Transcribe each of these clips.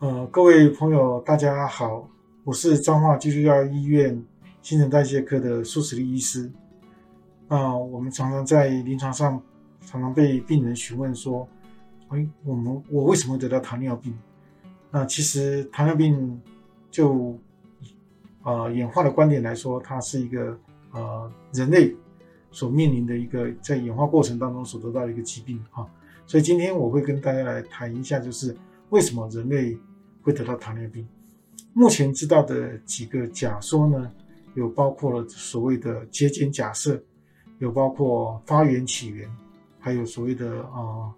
呃，各位朋友，大家好，我是彰化基督教醫院新陳代謝科的蘇矢立醫師。啊、呃，我們常常在臨床上常常被病人詢問說：“哎、欸，我們我為什麼得到糖尿病？”那、呃、其實糖尿病就啊、呃，演化的觀點來說，它是一個呃人類所面臨的一個在演化過程當中所得到的一個疾病啊。所以今天我會跟大家來談一下，就是為什麼人類。會得到糖尿病。目前知道的幾個假說呢，有包括了所謂的節儉假設，有包括發源起源，還有所謂的啊、呃、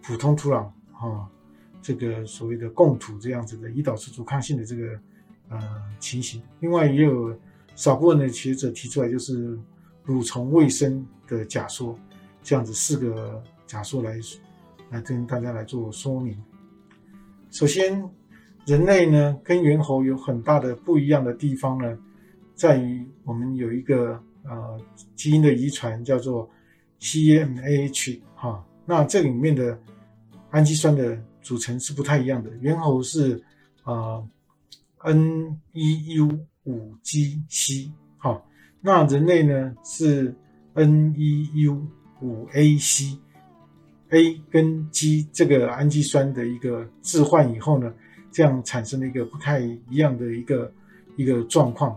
普通土壤啊、呃、這個所謂的共土這樣子的胰島素阻抗性的這個呃情形。另外，也有少部分的學者提出來，就是蠕蟲衛生的假說，這樣子四個假說來來跟大家來做說明。首先。人類呢，跟猿猴，有很大的不一樣的地方呢，在於我們有一個呃基因的遺傳叫做 CMAH 哈、哦，那這裡面的氨基酸的組成是不太一樣的。猿猴是啊、呃、N E U 五 G C 哈、哦，那人類呢是 N E U 五 A C，A 跟 G 這個氨基酸的一個置換以後呢。這樣產生了一個不太一樣的一個一個狀況。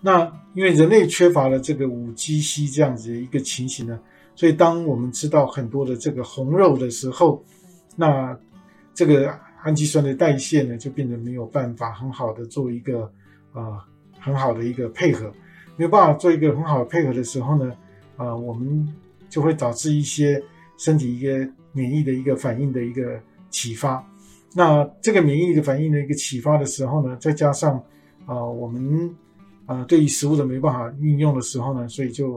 那因為人類缺乏了這個五 GC 這樣子的一個情形呢，所以當我們吃到很多的這個紅肉的時候，那這個氨基酸的代謝呢就變得沒有辦法很好的做一個呃很好的一個配合，沒有辦法做一個很好的配合的時候呢，呃我們就會導致一些身體一個免疫的一個反應的一個啟發。那這個免疫的反應的一個啟發的時候呢，再加上啊、呃、我們啊、呃、對於食物的沒辦法運用的時候呢，所以就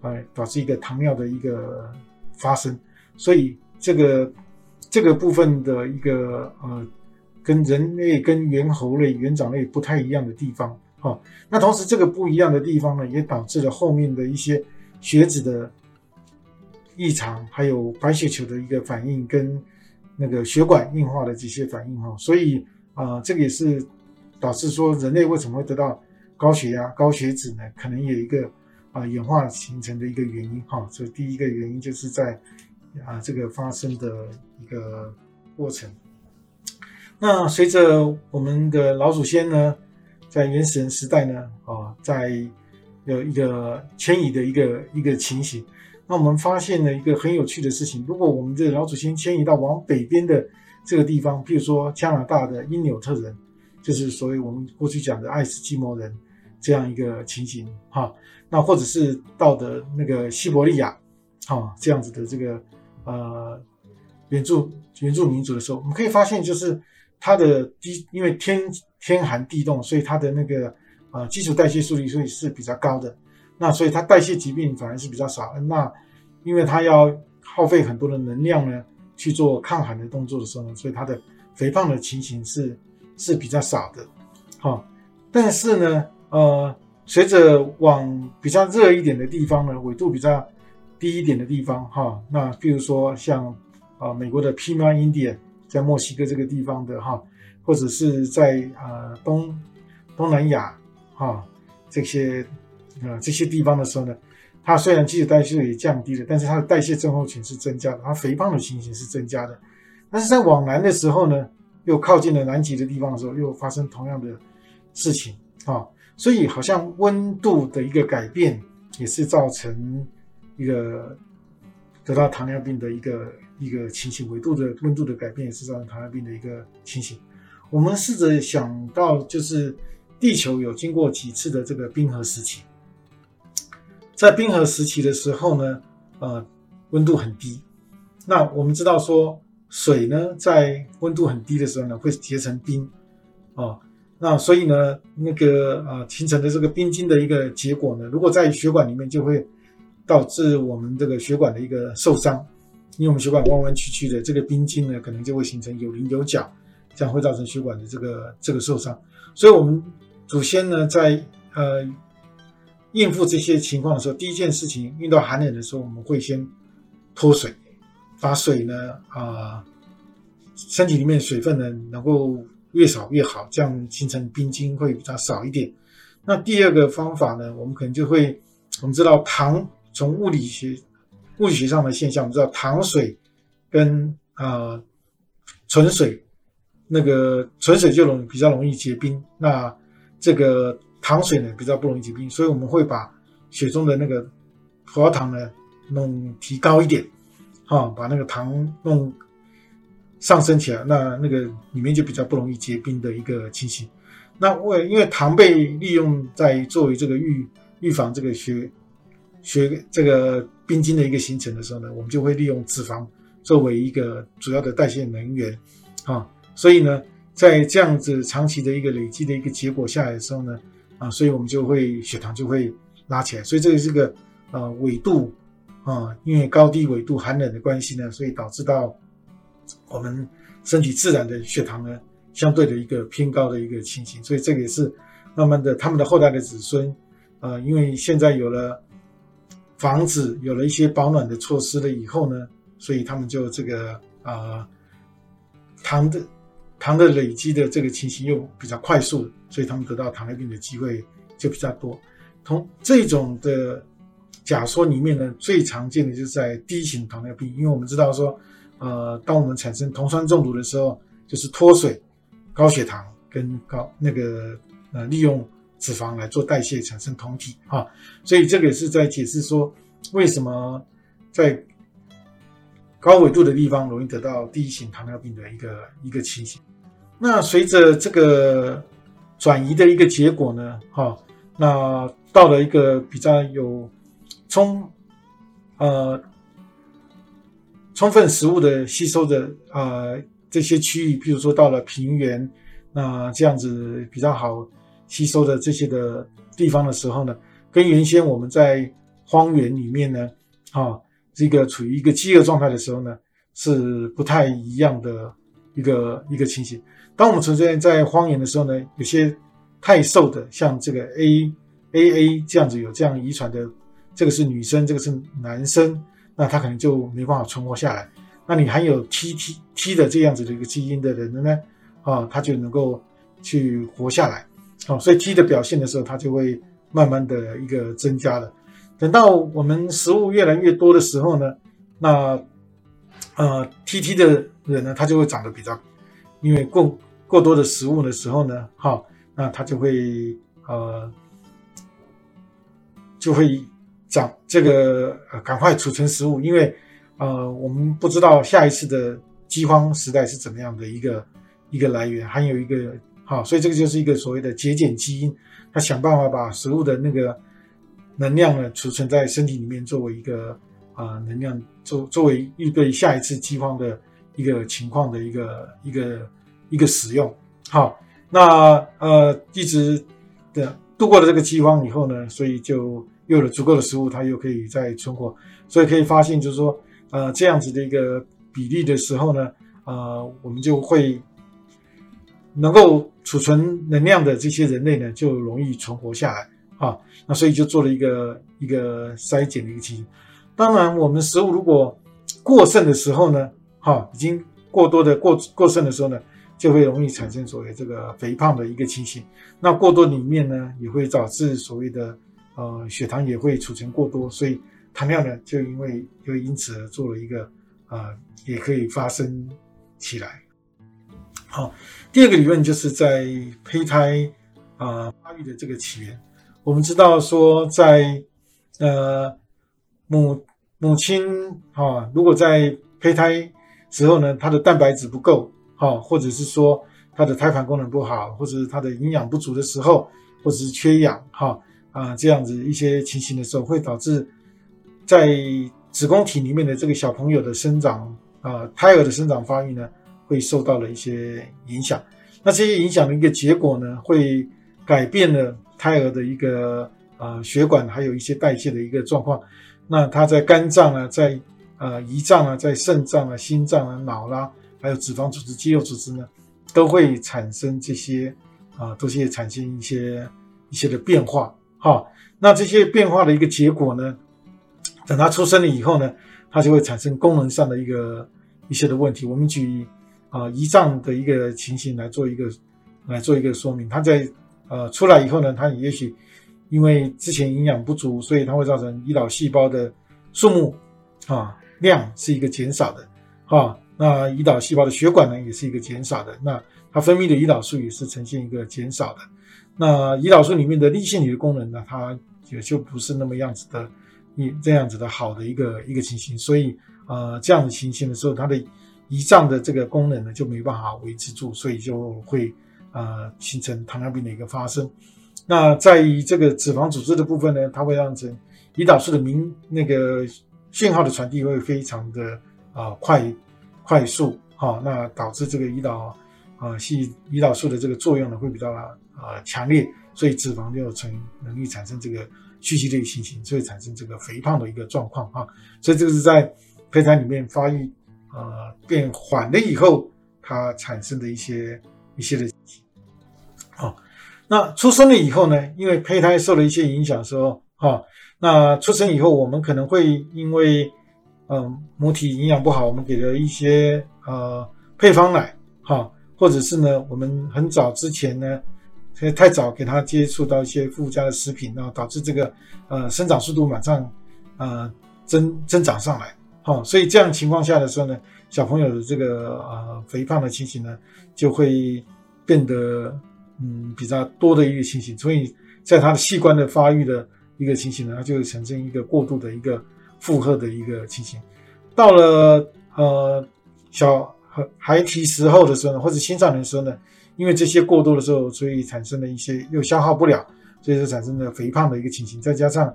啊、呃、導致一個糖尿的一個發生，所以這個這個部分的一個呃跟人類跟猿猴類、猿長類不太一樣的地方啊，那同時這個不一樣的地方呢，也導致了後面的一些血脂的異常，還有白血球的一個反應跟。那個血管硬化的這些反應哈，所以啊、呃，這個也是導致說人類為什麼會得到高血壓、高血脂呢？可能有一個啊、呃、演化形成的一個原因哈、哦。所以第一個原因就是在啊、呃、這個發生的一個過程。那隨着我們的老祖先呢，在原始人時代呢，啊、呃，在有一個遷移的一個一個情形。那我們發現了一個很有趣的事情，如果我們這老祖先遷移到往北邊的這個地方，譬如說加拿大的因紐特人，就是所謂我們過去講的愛斯基摩人這樣一個情形，哈、啊，那或者是到的那個西伯利亞，啊，這樣子的這個呃原住原住民族的時候，我們可以發現，就是它的低，因為天天寒地凍，所以它的那個呃基礎代謝速率所以是比較高的。那所以它代謝疾病反而是比較少，那因為它要耗費很多的能量呢，去做抗寒的動作的時候，呢，所以它的肥胖的情形是是比較少的，哈、哦。但是呢，呃，隨着往比較熱一點的地方呢，緯度比較低一點的地方，哈、哦，那比如說像啊、呃、美國的 Pima India，在墨西哥這個地方的哈、哦，或者是在啊、呃、東東南亞哈、哦，這些。啊、嗯，這些地方的時候呢，它雖然基礎代謝也降低了，但是它的代謝症候群是增加的，它肥胖的情形是增加的。但是在往南的時候呢，又靠近了南極的地方的時候，又發生同樣的事情啊、哦。所以好像溫度的一個改變也是造成一個得到糖尿病的一個一個情形。維度的溫度的改變也是造成糖尿病的一個情形。我們試着想到，就是地球有經過幾次的這個冰河時期。在冰河時期的時候呢，呃，溫度很低，那我們知道說水呢，在溫度很低的時候呢，會結成冰，啊、哦，那所以呢，那個啊、呃、形成的這個冰晶的一個結果呢，如果在血管裡面，就會導致我們這個血管的一個受傷，因為我們血管彎彎曲曲的，這個冰晶呢，可能就會形成有稜有角，這樣會造成血管的這個這個受傷，所以我們祖先呢，在呃。應付這些情況的時候，第一件事情，遇到寒冷的時候，我們會先脫水，把水呢，啊、呃，身體裡面水分呢，能夠越少越好，這樣形成冰晶會比較少一點。那第二個方法呢，我們可能就會，我們知道糖，從物理學、物理學上的現象，我們知道糖水跟啊、呃、純水，那個純水就容比較容易結冰，那這個。糖水呢比較不容易結冰，所以我們會把血中的那個葡萄糖呢弄提高一點，哈、哦，把那個糖弄上升起來，那那個裡面就比較不容易結冰的一個情形。那為因為糖被利用在作為這個預預防這個血血這個冰晶的一個形成的時候呢，我們就會利用脂肪作為一個主要的代謝能源，啊、哦，所以呢，在這樣子長期的一個累積的一個結果下來的時候呢。啊，所以我們就會血糖就會拉起來，所以這個這個呃緯度啊，因為高低緯度寒冷的關係呢，所以導致到我們身體自然的血糖呢相對的一個偏高的一個情形，所以這個也是慢慢的他們的後代的子孫，呃，因為現在有了房子，有了一些保暖的措施了以後呢，所以他們就這個啊，糖的。糖的累積的這個情形又比較快速，所以他們得到糖尿病的機會就比較多。同這種的假說裡面呢，最常見的就是在第一型糖尿病，因為我們知道說，呃，當我們產生酮酸中毒的時候，就是脫水、高血糖跟高那個呃利用脂肪來做代謝產生酮體啊，所以這個也是在解釋說為什麼在高緯度的地方容易得到第一型糖尿病的一個一個情形。那隨着這個轉移的一個結果呢，哈、哦，那到了一個比較有充呃充分食物的吸收的啊、呃、這些區域，譬如說到了平原，那、呃、這樣子比較好吸收的這些的地方的時候呢，跟原先我們在荒原裡面呢，啊、哦、這個處於一個飢餓狀態的時候呢，是不太一樣的一個一個情形。當我們存在在荒野的時候呢，有些太瘦的，像這個 A A A 這樣子，有這樣遺傳的，這個是女生，這個是男生，那他可能就沒辦法存活下來。那你還有 T T T 的這樣子的一個基因的人呢，啊，他就能夠去活下來，好、啊，所以 T 的表現的時候，它就會慢慢的一個增加了。等到我們食物越來越多的時候呢，那呃 T T 的人呢，他就會長得比較，因為過。過多的食物的時候呢，哈，那它就會呃，就會長這個呃，趕快儲存食物，因為呃，我們不知道下一次的饑荒時代是怎麼樣的一個一個來源，還有一個哈，所以這個就是一個所謂的節儉基因，它想辦法把食物的那個能量呢儲存在身體裡面作、呃作，作為一個啊能量作作為應對下一次饑荒的一個情況的一個一個。一個使用，好，那呃，一直的度過了這個饑荒，以後呢，所以就又有了足夠的食物，它又可以再存活，所以可以發現，就是說，呃，這樣子的一個比例的時候呢，呃，我們就會能夠儲存能量的這些人類呢，就容易存活下來哈，那所以就做了一個一個篩檢的一個基因。當然，我們食物如果過剩的時候呢，哈，已經過多的過過剩的時候呢。就會容易產生所謂這個肥胖的一個情形，那過多裡面呢，也會導致所謂的呃血糖也會儲存過多，所以糖尿呢就因為就因此而做了一個啊、呃、也可以發生起來。好，第二個理論就是在胚胎啊、呃、發育的這個起源，我們知道說在呃母母親啊、呃，如果在胚胎時候呢，他的蛋白質不夠。好，或者是說他的胎盤功能不好，或者是他的營養不足的時候，或者是缺氧哈啊，這樣子一些情形的時候，會導致在子宮體裡面的這個小朋友的生長啊、呃，胎兒的生長發育呢，會受到了一些影響。那這些影響的一個結果呢，會改變了胎兒的一個啊、呃、血管，還有一些代謝的一個狀況。那它在肝臟呢、啊，在呃胰臟啊、啊、臟啊，在腎臟啊，心臟啊，腦啦、啊。還有脂肪組織、肌肉組織呢，都會產生這些啊，都會產生一些一些的變化。哈、啊，那這些變化的一個結果呢，等他出生了以後呢，它就會產生功能上的一個一些的問題。我們舉啊胰臟的一個情形來做一個來做一個說明。他在呃、啊、出來以後呢，他也許因為之前營養不足，所以它會造成胰島細胞的數目啊量是一個減少的，哈、啊。那胰島細胞的血管呢，也是一個減少的。那它分泌的胰島素也是呈現一個減少的。那胰島素裡面的粒線體的功能呢，它也就不是那麼樣子的，你這樣子的好的一個一個情形。所以，呃，這樣的情形的時候，它的胰臟的這個功能呢，就沒辦法維持住，所以就會呃形成糖尿病的一個發生。那在於這個脂肪組織的部分呢，它會讓成胰島素的明那個信號的傳遞會非常的啊、呃、快。快速哈，那導致這個胰島啊細、呃、胰島素的這個作用呢會比較啊、呃、強烈，所以脂肪就存容易產生這個蓄積的一個情形、形，所以產生這個肥胖的一個狀況哈、啊。所以這個是在胚胎裡面發育呃變緩了以後，它產生的一些一些的啊，那出生了以後呢，因為胚胎受了一些影響的時候啊，那出生以後我們可能會因為。嗯，母體營養不好，我們給了一些呃配方奶，哈，或者是呢，我們很早之前呢，太早給他接觸到一些附加的食品，然後導致這個呃生長速度馬上呃增增長上來，哈，所以這樣情況下的時候呢，小朋友的這個呃肥胖的情形呢，就會變得嗯比較多的一個情形，所以在他的器官的發育的一個情形呢，他就產生一個過度的一個。負荷的一個情形，到了呃小孩孩提時候的時候呢，或者青少年時候呢，因為這些過多的時候，所以產生了一些又消耗不了，所以就產生了肥胖的一個情形。再加上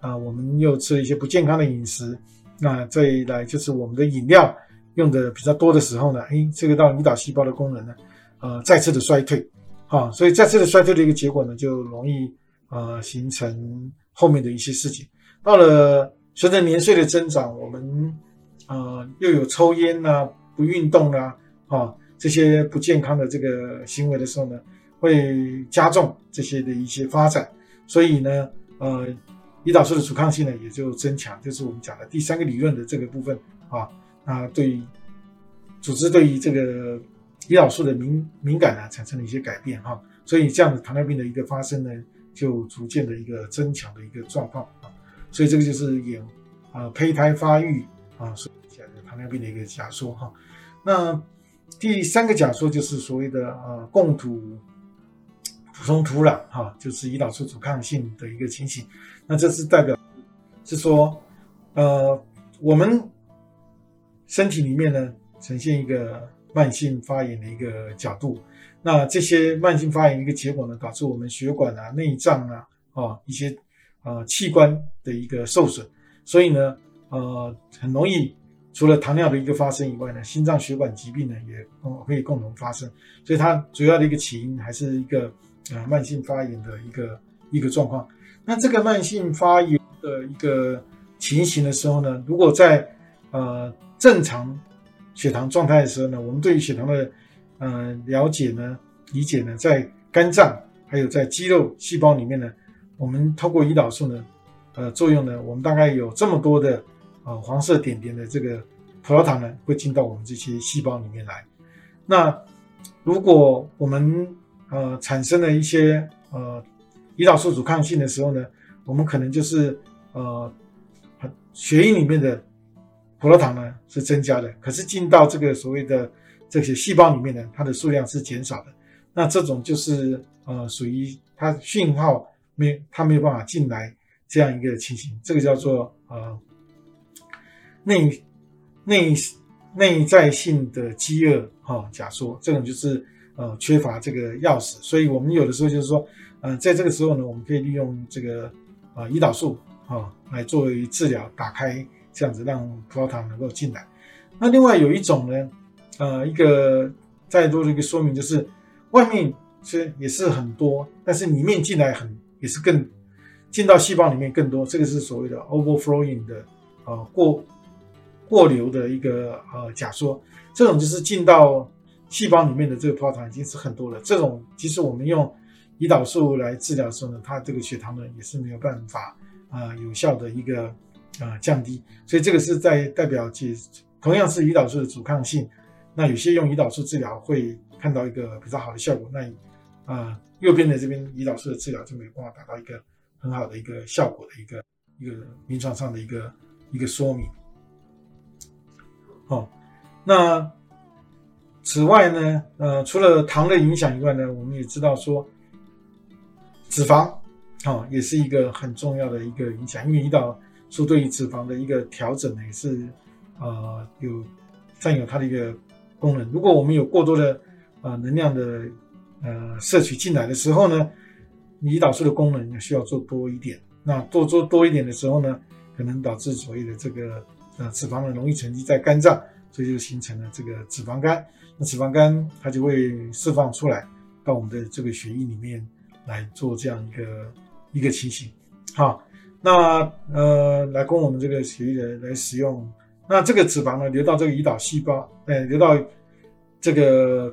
啊、呃，我們又吃了一些不健康的飲食，那、呃、再來就是我們的飲料用的比較多的時候呢，哎，這個到胰島細胞的功能呢，呃，再次的衰退，啊，所以再次的衰退的一個結果呢，就容易呃形成後面的一些事情，到了。隨着年歲的增長，我們，啊、呃，又有抽煙吶、啊、不運動吶、啊，啊，這些不健康的這個行為的時候呢，會加重這些的一些發展，所以呢，呃，胰島素的阻抗性呢也就增強，就是我們講的第三個理論的這個部分啊，啊，對於組織對於這個胰島素的敏敏感呢產生了一些改變哈、啊，所以這樣子糖尿病的一個發生呢，就逐漸的一個增強的一個狀況。所以這個就是有啊、呃、胚胎發育啊，是講糖尿病的一個假說哈、啊。那第三個假說就是所謂的啊供土普通土壤哈、啊，就是胰島素阻抗性的一個情形。那這是代表是說，呃，我們身體裡面呢呈現一個慢性發炎的一個角度。那這些慢性發炎的一個結果呢，導致我們血管啊、內臟啊、啊一些。呃，器官的一個受損，所以呢，呃，很容易除了糖尿的一個發生以外呢，心臟血管疾病呢也啊、哦、會共同發生，所以它主要的一個起因還是一個、呃、慢性發炎的一個一個狀況。那這個慢性發炎的一個情形的時候呢，如果在呃正常血糖狀態的時候呢，我們對於血糖的呃了解呢、理解呢，在肝臟還有在肌肉細胞裡面呢。我們透過胰島素呢，呃，作用呢，我們大概有這麼多的呃黃色點點的這個葡萄糖呢，會進到我們這些細胞裡面來。那如果我們呃產生了一些呃胰島素阻抗性的時候呢，我們可能就是呃血液裡面的葡萄糖呢是增加的，可是進到這個所謂的這些細胞裡面呢，它的數量是減少的。那這種就是呃屬於它訊號。沒，他沒有辦法進來，這樣一個情形，這個叫做呃內內內在性的飢餓哈、哦、假說，這種就是呃缺乏這個鑰匙，所以我們有的時候就是說，嗯、呃，在這個時候呢，我們可以利用這個啊、呃、胰島素哈、哦、來作為治療，打開這樣子，讓葡萄糖能夠進來。那另外有一種呢，呃，一個再多的一個說明就是，外面是也是很多，但是裡面進來很。也是更進到細胞裡面更多，這個是所謂的 overflowing 的呃過過流的一個呃假說。這種就是進到細胞裡面的這個葡萄糖已經是很多了。這種即使我們用胰島素來治療的時候呢，它這個血糖呢也是沒有辦法啊、呃、有效的一個啊、呃、降低。所以這個是在代表其實同樣是胰島素的阻抗性。那有些用胰島素治療會看到一個比較好的效果。那啊。呃右邊的這邊胰島素的治療就沒有辦法達到一個很好的一個效果的一個一個臨床上的一個一個說明。好、哦，那此外呢，呃，除了糖的影響以外呢，我們也知道說，脂肪啊、哦、也是一個很重要的一個影響，因為胰島素對於脂肪的一個調整呢也是呃有佔有它的一個功能。如果我們有過多的啊、呃、能量的呃，攝取進來的時候呢，胰島素的功能需要做多一點。那多做，做多一點的時候呢，可能導致所謂的這個呃脂肪呢容易沉積在肝臟，所以就形成了這個脂肪肝。那脂肪肝它就會釋放出來到我們的這個血液裡面來做這樣一個一個情形。好，那呃來供我們這個血液的來使用。那這個脂肪呢流到這個胰島細胞，呃，流到這個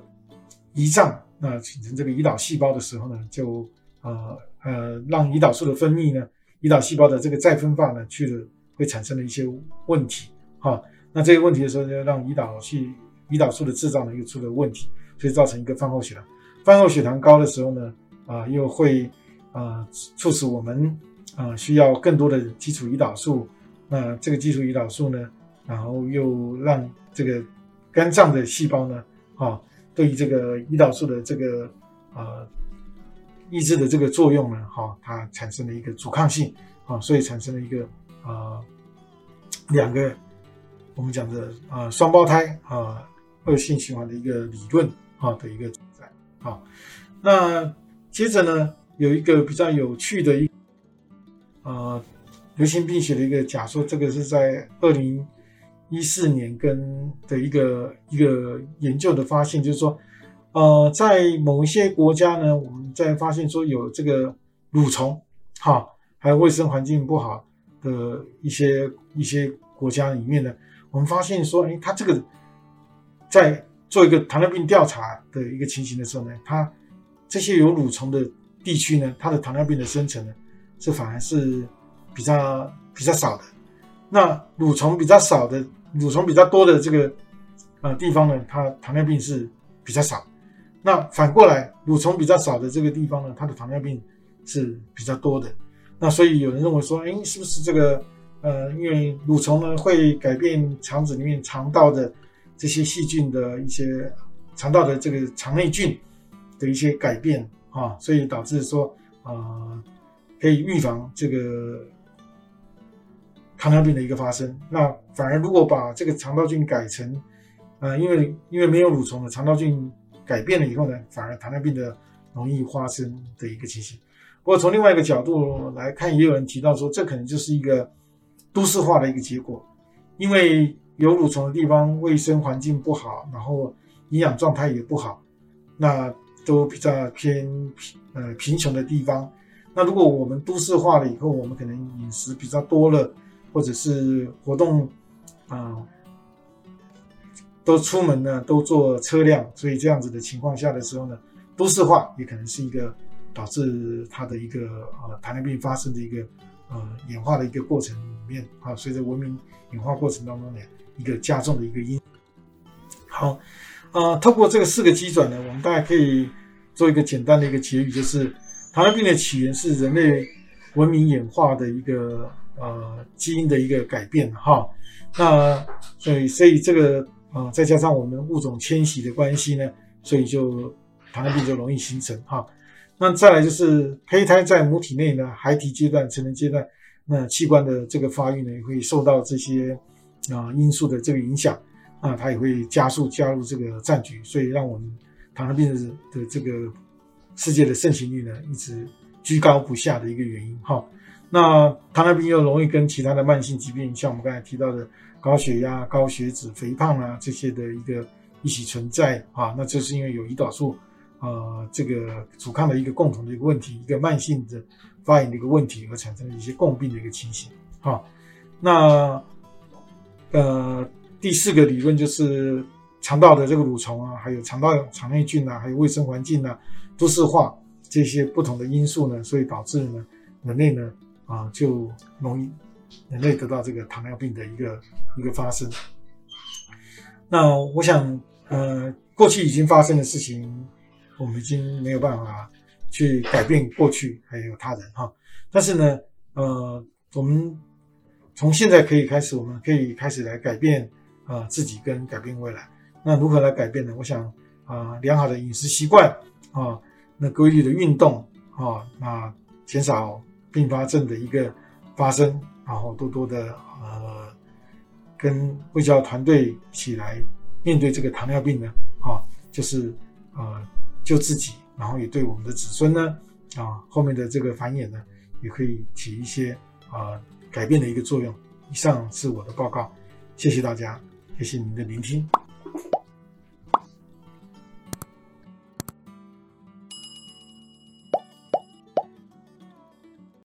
胰臟。欸那形成這個胰島細胞的時候呢，就呃呃讓胰島素的分泌呢，胰島細胞的這個再分化呢，去了會產生了一些問題哈、啊。那這個問題的時候，就讓胰島去，胰島素的製造呢又出了問題，所以造成一個飯後血糖。飯後血糖高的時候呢，啊又會啊促使我們啊需要更多的基礎胰島素。那、啊、這個基礎胰島素呢，然後又讓這個肝臟的細胞呢，啊。對於這個胰島素的這個呃抑制的這個作用呢，哈、哦，它產生了一個阻抗性，啊、哦，所以產生了一個啊、呃、兩個我們講的啊、呃、雙胞胎啊惡、呃、性循環的一個理論啊、哦、的一個存在，啊、哦，那接着呢有一個比較有趣的一個呃流行病學的一個假說，這個是在二零。一四年跟的一個一個研究的發現，就是說，呃，在某一些國家呢，我們在發現說有這個蠕蟲，哈、哦，還有衛生環境不好的一些一些國家裡面呢，我們發現說，哎、欸，它這個在做一個糖尿病調查的一個情形的時候呢，它這些有蠕蟲的地區呢，它的糖尿病的生成呢，是反而是比較比較少的。那蠕蟲比較少的。蠕蟲比較多的這個呃地方呢，它糖尿病是比較少。那反過來，蠕蟲比較少的這個地方呢，它的糖尿病是比較多的。那所以有人認為說，哎、欸，是不是這個呃，因為蠕蟲呢會改變腸子裡面腸道的這些細菌的一些腸道的這個腸內菌的一些改變啊，所以導致說啊、呃，可以預防這個。糖尿病的一個發生，那反而如果把這個腸道菌改成，呃，因為因為沒有蠕蟲的腸道菌改變了以後呢，反而糖尿病的容易發生的一個情形。不過從另外一個角度來看，也有人提到說，這可能就是一個都市化的一個結果，因為有蠕蟲的地方，衛生環境不好，然後營養狀態也不好，那都比較偏，呃，貧窮的地方。那如果我們都市化了以後，我們可能飲食比較多了。或者是活動，啊、呃，都出門呢，都坐車輛，所以這樣子的情況下的時候呢，都市化也可能是一個導致它的一個呃糖尿病發生的一個呃演化的一個過程裡面啊，隨着文明演化過程當中的一個加重的一個因。好，啊、呃，透過這個四個機轉呢，我們大家可以做一個簡單的一個結語，就是糖尿病的起源是人類文明演化的一個。呃，基因的一個改變哈、哦，那所以所以這個呃，再加上我們物種遷徙的關係呢，所以就糖尿病就容易形成哈、哦。那再來就是胚胎在母體內呢，孩提階段、成人階段，那器官的這個發育呢，也會受到這些啊、呃、因素的這個影響啊，它也會加速加入這個戰局，所以讓我們糖尿病的，的這個世界的盛行率呢，一直居高不下的一個原因哈。哦。那糖尿病又容易跟其他的慢性疾病，像我們剛才提到的高血壓、高血脂、肥胖啊這些的一個一起存在啊，那就是因為有胰島素，呃，這個阻抗的一個共同的一個問題，一個慢性的發炎的一個問題而產生的一些共病的一個情形啊。那呃，第四個理論就是腸道的這個蠕蟲啊，還有腸道腸內菌啊，還有衛生環境啊，都市化這些不同的因素呢，所以導致呢，人類呢。啊，就容易人類得到這個糖尿病的一個一個發生。那我想，呃，過去已經發生的事情，我們已經沒有辦法去改變過去還有他人哈。但是呢，呃，我們從現在可以開始，我們可以開始來改變啊、呃、自己跟改變未來。那如何來改變呢？我想啊，良、呃、好的飲食習慣啊，那規律的運動啊、呃，那減少。併發症的一個發生，然後多多的呃，跟衛教團隊一起來面對這個糖尿病呢，啊，就是呃救自己，然後也對我們的子孫呢，啊後面的這個繁衍呢，也可以起一些呃、啊、改變的一個作用。以上是我的報告，謝謝大家，謝謝您的聆聽。